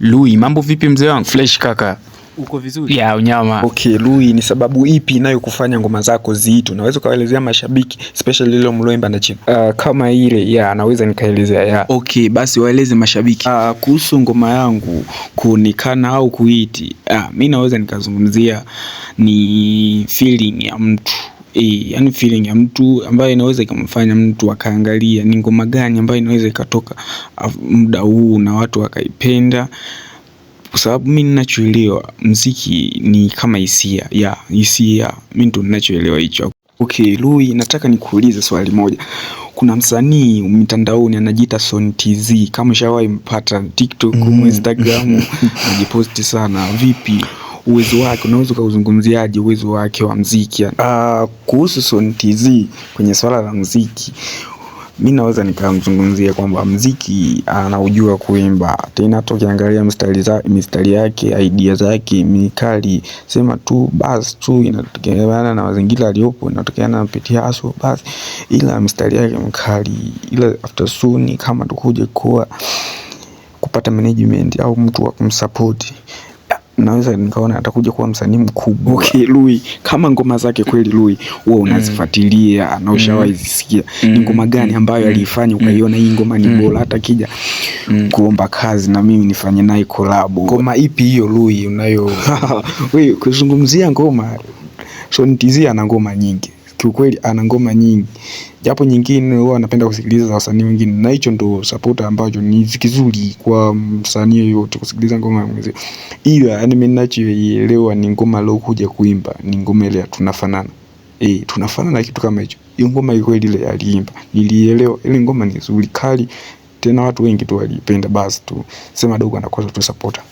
Lui, mambo vipi mzee wangu? Fresh kaka. Uko vizuri? Ya unyama. Okay, Lui, ni sababu ipi inayokufanya ngoma zako ziitu Naweza ukaelezea mashabiki especially lilo mloemba na chini. Uh, kama ile ya naweza nikaelezea ya. Okay, basi waeleze mashabiki. Uh, kuhusu ngoma yangu kuonekana au kuiti. Ah, uh, mimi naweza nikazungumzia ni feeling ya mtu e, yani feeling ya mtu ambayo inaweza ikamfanya mtu akaangalia ni ngoma gani ambayo inaweza ikatoka muda huu na watu wakaipenda kwa sababu mi ninachoelewa mziki ni kama hisia ya hisia, mi ndo ninachoelewa hicho. Okay, Lui, nataka nikuulize swali moja. Kuna msanii mtandaoni anajiita Son TZ, kama shawahi mpata TikTok, mm. Instagram, anajiposti sana, vipi uwezo wake, unaweza ukauzungumziaje uwezo wake wa mziki? Uh, kuhusu Son TZ kwenye swala la mziki mi naweza nikamzungumzia kwamba mziki anaujua kuimba, tena hata ukiangalia mistari yake, idea zake mikali, sema tu basi tu, inatokeana na mazingira aliyopo, inatokeana na pitia aso basi, ila mistari yake mkali. ila after soon kama tukuje kuwa kupata management au mtu wa kumsapoti naweza nikaona atakuja kuwa msanii mkubwa. Okay, Lui kama ngoma zake kweli, Lui wewe unazifuatilia mm. na ushawahi mm. zisikia mm. ni ngoma gani mm. ambayo mm. alifanya ukaiona hii ngoma ni mm. bora, hata kija mm. kuomba kazi na mimi nifanye naye collab? Ngoma ipi hiyo Lui unayo wewe kuzungumzia ngoma? So nitizia na ngoma nyingi kiukweli ana ngoma nyingi, japo nyingine huwa anapenda kusikiliza za wasanii wengine, na hicho ndo support ambacho ni kizuri kwa msanii yote kusikiliza ngoma ya mwenzake. ila yani mimi ninachoelewa ni ngoma leo kuja kuimba ni ngoma ile tunafanana E, tunafanana kitu kama hicho. Hiyo ngoma kweli ile aliimba nilielewa, ile ngoma ni nzuri kali, tena watu wengi tu walipenda. Basi tu sema dogo anakosa tu supporter.